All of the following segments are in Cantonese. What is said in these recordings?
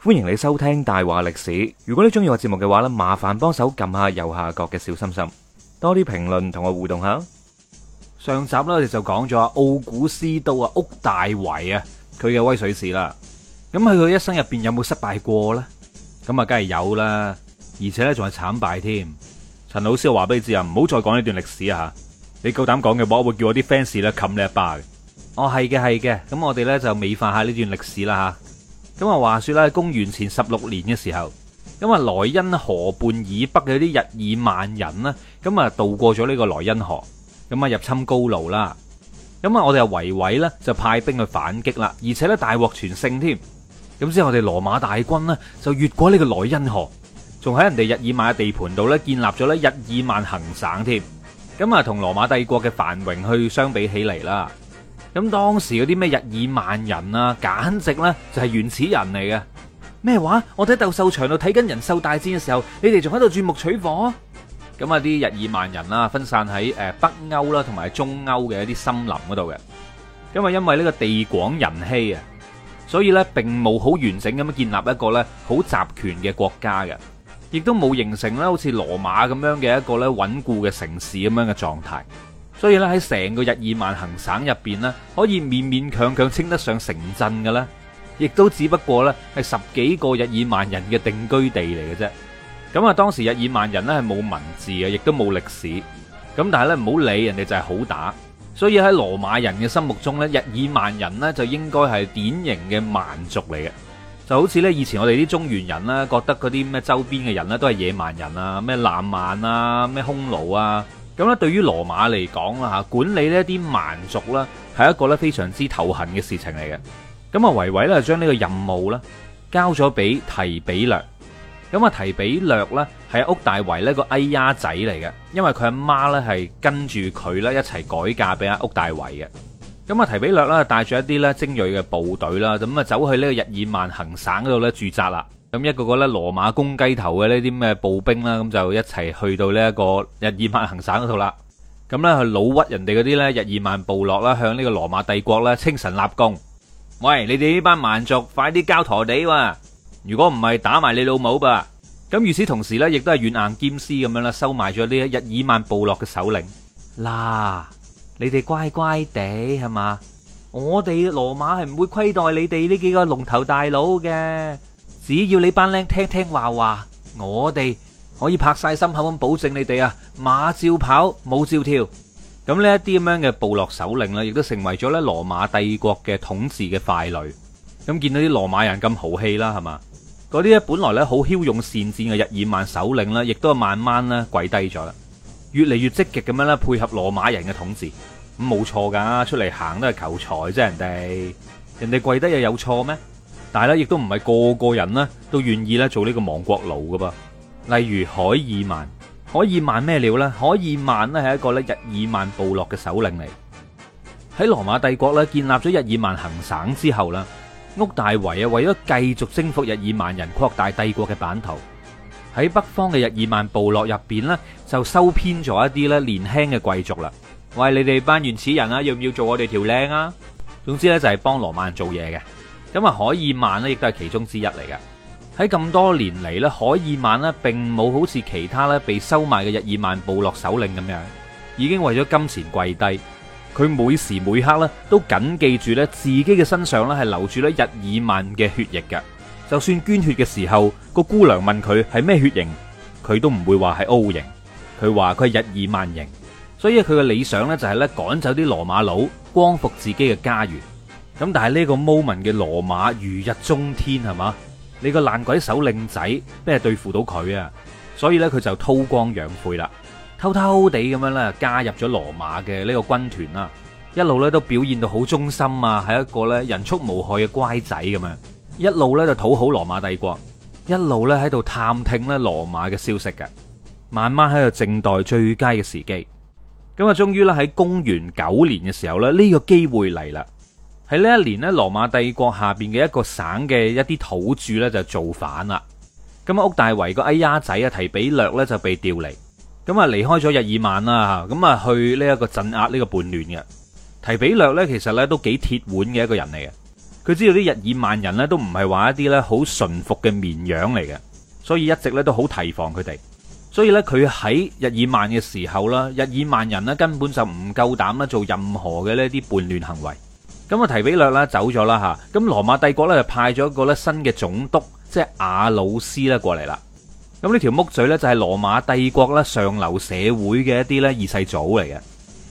歡迎你收聽大話歷史。如果你中意我節目嘅話呢，麻煩幫手撳下右下角嘅小心心，多啲評論同我互動下。上集咧，我哋就講咗啊，奧古斯都啊，屋大維啊，佢嘅威水史啦。咁佢佢一生入邊有冇失敗過呢？咁啊，梗係有啦，而且咧仲係慘敗添。陳老師話俾你知啊，唔好再講呢段歷史啊。你夠膽講嘅話，我會叫我啲 fans 咧冚你一巴。哦，係嘅，係嘅。咁我哋呢就美化下呢段歷史啦吓。咁啊，話說啦，公元前十六年嘅時候，咁啊，萊茵河畔以北嘅啲日耳曼人呢，咁啊渡過咗呢個萊茵河，咁啊入侵高盧啦，咁啊我哋維維呢，就派兵去反擊啦，而且呢，大獲全勝添，咁之後我哋羅馬大軍呢，就越過呢個萊茵河，仲喺人哋日耳曼嘅地盤度呢，建立咗呢日耳曼行省添，咁啊同羅馬帝國嘅繁榮去相比起嚟啦。咁當時嗰啲咩日耳曼人啊，簡直呢就係原始人嚟嘅咩話？我睇鬥獸場度睇緊人獸大戰嘅時候，你哋仲喺度鑽木取火？咁啊啲日耳曼人啊分散喺誒、呃、北歐啦同埋中歐嘅一啲森林嗰度嘅，咁啊因為呢個地廣人稀啊，所以呢並冇好完整咁樣建立一個呢好集權嘅國家嘅，亦都冇形成呢好似羅馬咁樣嘅一個呢穩固嘅城市咁樣嘅狀態。所以咧，喺成個日耳曼行省入邊呢，可以勉勉強強稱得上城鎮嘅咧，亦都只不過呢，係十幾個日耳曼人嘅定居地嚟嘅啫。咁啊，當時日耳曼人呢，係冇文字嘅，亦都冇歷史。咁但係呢，唔好理人哋就係好打。所以喺羅馬人嘅心目中呢，日耳曼人呢，就應該係典型嘅蠻族嚟嘅。就好似呢以前我哋啲中原人呢，覺得嗰啲咩周邊嘅人呢都係野蠻人啊，咩南蠻啊，咩匈奴啊。咁咧，對於羅馬嚟講啦嚇，管理呢啲蠻族啦，係一個咧非常之頭痕嘅事情嚟嘅。咁啊，維維咧將呢個任務咧交咗俾提比略。咁啊，提比略咧係屋大維呢個哎呀仔嚟嘅，因為佢阿媽咧係跟住佢咧一齊改嫁俾阿屋大維嘅。咁啊，提比略咧帶住一啲咧精鋭嘅部隊啦，咁啊走去呢個日耳曼行省嗰度咧駐紮啦。咁一個個咧，羅馬公雞頭嘅呢啲咩步兵啦，咁就一齊去到呢一個日耳曼行省嗰度啦。咁咧，佢老屈人哋嗰啲咧日耳曼部落啦，向呢個羅馬帝國啦稱臣立功。喂，你哋呢班蠻族，快啲交陀地哇，如果唔係打埋你老母噃。咁與此同時咧，亦都係軟硬兼施咁樣啦，收埋咗呢日耳曼部落嘅首領。嗱，你哋乖乖地係嘛？我哋羅馬係唔會虧待你哋呢幾個龍頭大佬嘅。只要你班僆聽聽話話，我哋可以拍曬心口咁保證你哋啊，馬照跑，舞照跳。咁呢一啲咁樣嘅部落首領呢，亦都成為咗咧，羅馬帝國嘅統治嘅傀儡。咁見到啲羅馬人咁豪氣啦，係嘛？嗰啲咧本來咧好驍勇善戰嘅日耳曼首領呢，亦都慢慢咧跪低咗啦，越嚟越積極咁樣咧配合羅馬人嘅統治。咁冇錯噶，出嚟行都係求財啫，人哋人哋跪低又有錯咩？但係咧，亦都唔係個個人咧都願意咧做呢個亡國奴噶噃。例如海爾曼，海爾曼咩料呢？海爾曼咧係一個咧日耳曼部落嘅首領嚟。喺羅馬帝國咧建立咗日耳曼行省之後啦，屋大維啊為咗繼續征服日耳曼人，擴大帝國嘅版圖，喺北方嘅日耳曼部落入邊咧就收編咗一啲咧年輕嘅貴族啦。喂，你哋班原始人啊，要唔要做我哋條靚啊？總之呢，就係幫羅馬人做嘢嘅。咁啊，海爾曼咧，亦都係其中之一嚟嘅。喺咁多年嚟咧，海爾曼咧，並冇好似其他咧被收買嘅日耳曼部落首領咁樣，已經為咗金錢跪低。佢每時每刻咧，都緊記住咧，自己嘅身上咧係留住咧日耳曼嘅血液嘅。就算捐血嘅時候，個姑娘問佢係咩血型，佢都唔會話係 O 型，佢話佢係日耳曼型。所以佢嘅理想咧就係咧趕走啲羅馬佬，光復自己嘅家園。咁但係呢個 moment 嘅羅馬如日中天，係嘛？你個爛鬼手令仔咩對付到佢啊？所以呢，佢就韜光養晦啦，偷偷地咁樣咧加入咗羅馬嘅呢個軍團啦。一路呢都表現到好忠心啊，係一個咧人畜無害嘅乖仔咁樣，一路呢就討好羅馬帝國，一路呢喺度探聽咧羅馬嘅消息嘅，慢慢喺度靜待最佳嘅時機。咁啊，終於咧喺公元九年嘅時候咧呢、呢個機會嚟啦。喺呢一年呢，羅馬帝國下邊嘅一個省嘅一啲土著呢，就造反啦。咁啊，屋大維個哎呀仔啊提比略呢就被調離，咁啊離開咗日耳曼啦，咁啊去呢一個鎮壓呢個叛亂嘅提比略呢，其實呢都幾鐵腕嘅一個人嚟嘅，佢知道啲日耳曼人呢都唔係話一啲呢好順服嘅綿羊嚟嘅，所以一直呢都好提防佢哋。所以呢，佢喺日耳曼嘅時候啦，日耳曼人呢根本就唔夠膽啦做任何嘅呢啲叛亂行為。咁啊，提比略啦走咗啦吓，咁羅馬帝國咧就派咗一個咧新嘅總督，即係阿魯斯啦過嚟啦。咁呢條木嘴咧就係羅馬帝國咧上流社會嘅一啲咧二世祖嚟嘅。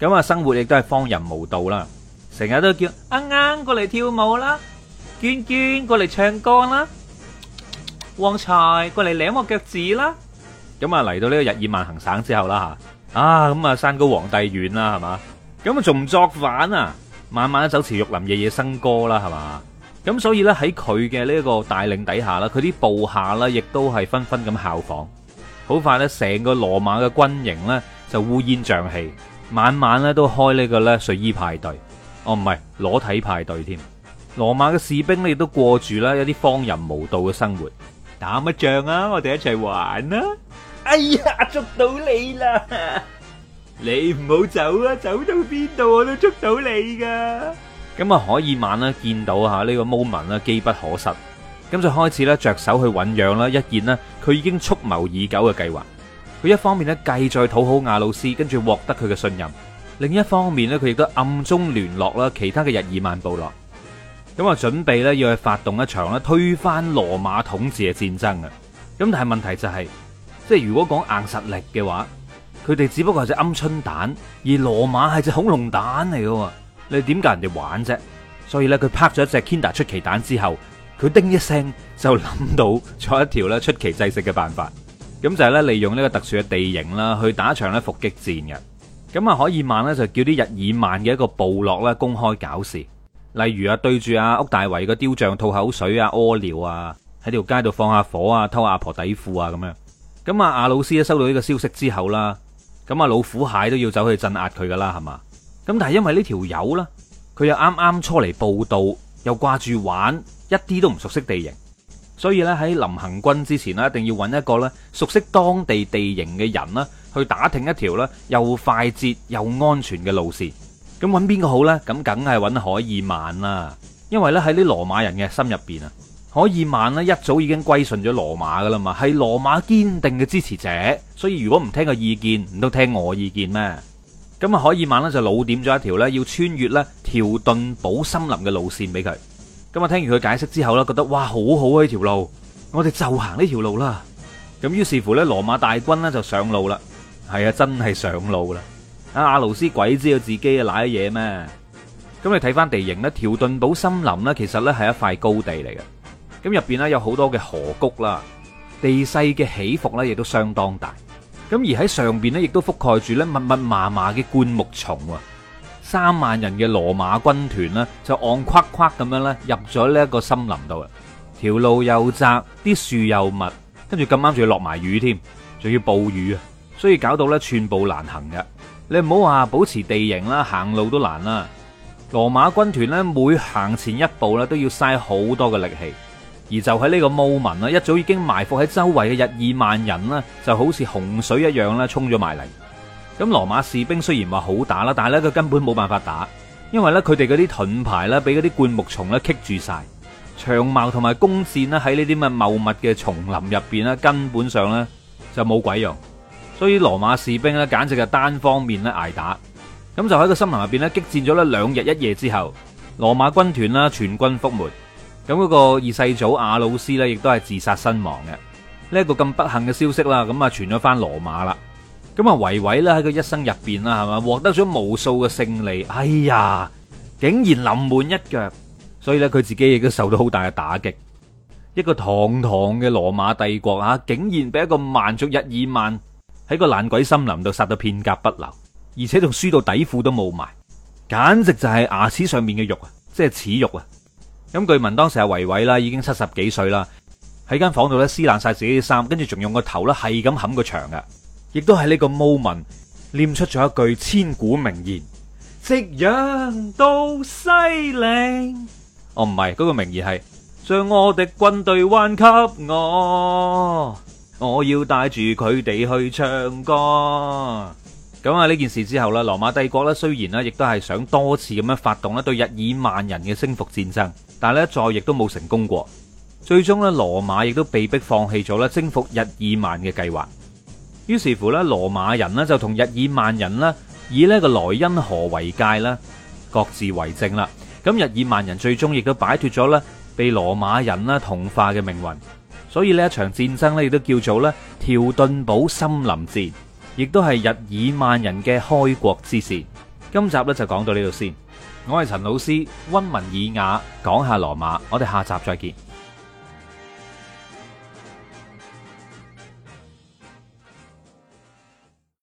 咁啊，生活亦都係荒淫無道啦，成日都叫啱啱、嗯嗯、過嚟跳舞啦，娟娟過嚟唱歌啦，旺財過嚟舐我腳趾啦。咁啊，嚟到呢個日耳曼行省之後啦吓，啊咁啊，山高皇帝遠啦係嘛，咁啊仲唔作反啊！晚晚咧酒池肉林，夜夜笙歌啦，係嘛？咁所以咧喺佢嘅呢一個帶領底下啦，佢啲部下啦亦都係紛紛咁效仿，好快咧成個羅馬嘅軍營咧就烏煙瘴氣，晚晚咧都開呢個咧睡衣派對，哦唔係裸體派對添。羅馬嘅士兵咧亦都過住啦一啲荒淫無道嘅生活，打乜仗啊？我哋一齊玩啦，啊！哎呀，捉到你啦！你唔好走啊！走到邊度我都捉到你噶咁啊，可以晚啦，見到吓呢個 moment 啦，機不可失。咁就開始咧着手去醞釀啦，一件咧佢已經蓄謀已久嘅計劃。佢一方面咧繼續討好亞魯斯，跟住獲得佢嘅信任；另一方面咧，佢亦都暗中聯絡啦其他嘅日耳曼部落。咁啊，準備咧要去發動一場咧推翻羅馬統治嘅戰爭啊！咁但係問題就係，即係如果講硬實力嘅話。佢哋只不過係隻鵪鶉蛋，而羅馬係隻恐龍蛋嚟嘅，你點解人哋玩啫？所以咧，佢拍咗一隻 Kinder 出奇蛋之後，佢叮一聲就諗到咗一條咧出奇制勝嘅辦法，咁就係咧利用呢個特殊嘅地形啦，去打一場咧伏擊戰嘅。咁啊，海爾曼呢，就叫啲日耳曼嘅一個部落咧公開搞事，例如啊，對住阿、啊、屋大維嘅雕像吐口水啊、屙尿啊，喺條街度放下火啊、偷阿婆底褲啊咁樣。咁啊，亞魯斯咧收到呢個消息之後啦。咁啊，老虎蟹都要走去鎮壓佢噶啦，係嘛？咁但係因為呢條友呢，佢又啱啱初嚟報到，又掛住玩，一啲都唔熟悉地形，所以咧喺臨行軍之前咧，一定要揾一個咧熟悉當地地形嘅人呢，去打聽一條咧又快捷又安全嘅路線。咁揾邊個好呢？咁梗係揾海爾曼啦，因為呢，喺啲羅馬人嘅心入邊啊。可以曼咧一早已經歸順咗羅馬噶啦嘛，係羅馬堅定嘅支持者，所以如果唔聽個意見，唔通聽我意見咩？咁啊，可以曼咧就老點咗一條咧要穿越咧條頓堡森林嘅路線俾佢。咁啊，聽完佢解釋之後咧，覺得哇，好好啊！呢條路，我哋就行呢條路啦。咁於是乎咧，羅馬大軍咧就上路啦。係啊，真係上路啦。阿阿盧斯鬼知道自己嘅瀨嘢咩？咁你睇翻地形咧，條頓堡森林咧其實咧係一塊高地嚟嘅。咁入邊咧有好多嘅河谷啦，地勢嘅起伏咧，亦都相當大。咁而喺上邊咧，亦都覆蓋住咧密密麻麻嘅灌木叢喎。三萬人嘅羅馬軍團呢，就戇誇誇咁樣咧入咗呢一個森林度啊。條路又窄，啲樹又密，跟住咁啱仲要落埋雨添，仲要暴雨啊，所以搞到咧寸步難行嘅。你唔好話保持地形啦，行路都難啦。羅馬軍團咧每行前一步咧都要嘥好多嘅力氣。而就喺呢個 moment，一早已經埋伏喺周圍嘅日耳曼人咧，就好似洪水一樣咧，衝咗埋嚟。咁羅馬士兵雖然話好打啦，但係咧佢根本冇辦法打，因為咧佢哋嗰啲盾牌咧，俾嗰啲灌木叢咧棘住晒。長矛同埋弓箭呢，喺呢啲咁嘅茂密嘅叢林入邊呢，根本上呢就冇鬼用。所以羅馬士兵呢簡直係單方面咧捱打。咁就喺個森林入邊呢激戰咗咧兩日一夜之後，羅馬軍團啦全軍覆沒。咁嗰個二世祖亞魯斯咧，亦都係自殺身亡嘅。呢一個咁不幸嘅消息啦，咁啊傳咗翻羅馬啦。咁啊維維咧喺佢一生入邊啦，係嘛獲得咗無數嘅勝利。哎呀，竟然臨門一腳，所以咧佢自己亦都受到好大嘅打擊。一個堂堂嘅羅馬帝國啊，竟然俾一個蠻族日耳曼喺個爛鬼森林度殺到片甲不留，而且仲輸到底褲都冇埋，簡直就係牙齒上面嘅肉啊，即係恥辱啊！咁據聞當時阿維偉啦已經七十幾歲啦，喺間房度咧撕爛晒自己啲衫，跟住仲用個頭咧係咁冚個牆嘅，亦都喺呢個 moment 念出咗一句千古名言：夕陽到西嶺哦，唔係嗰個名義係將我的軍隊還給我，我要帶住佢哋去唱歌。咁啊！呢件事之後呢羅馬帝國咧，雖然咧，亦都係想多次咁樣發動呢對日耳曼人嘅征服戰爭，但係咧，再亦都冇成功過。最終呢，羅馬亦都被迫放棄咗咧征服日耳曼嘅計劃。於是乎呢羅馬人呢就同日耳曼人呢以呢個萊茵河為界啦，各自為政啦。咁日耳曼人最終亦都擺脫咗呢被羅馬人啦同化嘅命運。所以呢一場戰爭咧亦都叫做呢條頓堡森林戰。亦都係日耳曼人嘅開國之時。今集咧就講到呢度先。我係陳老師，溫文爾雅，講下羅馬。我哋下集再見。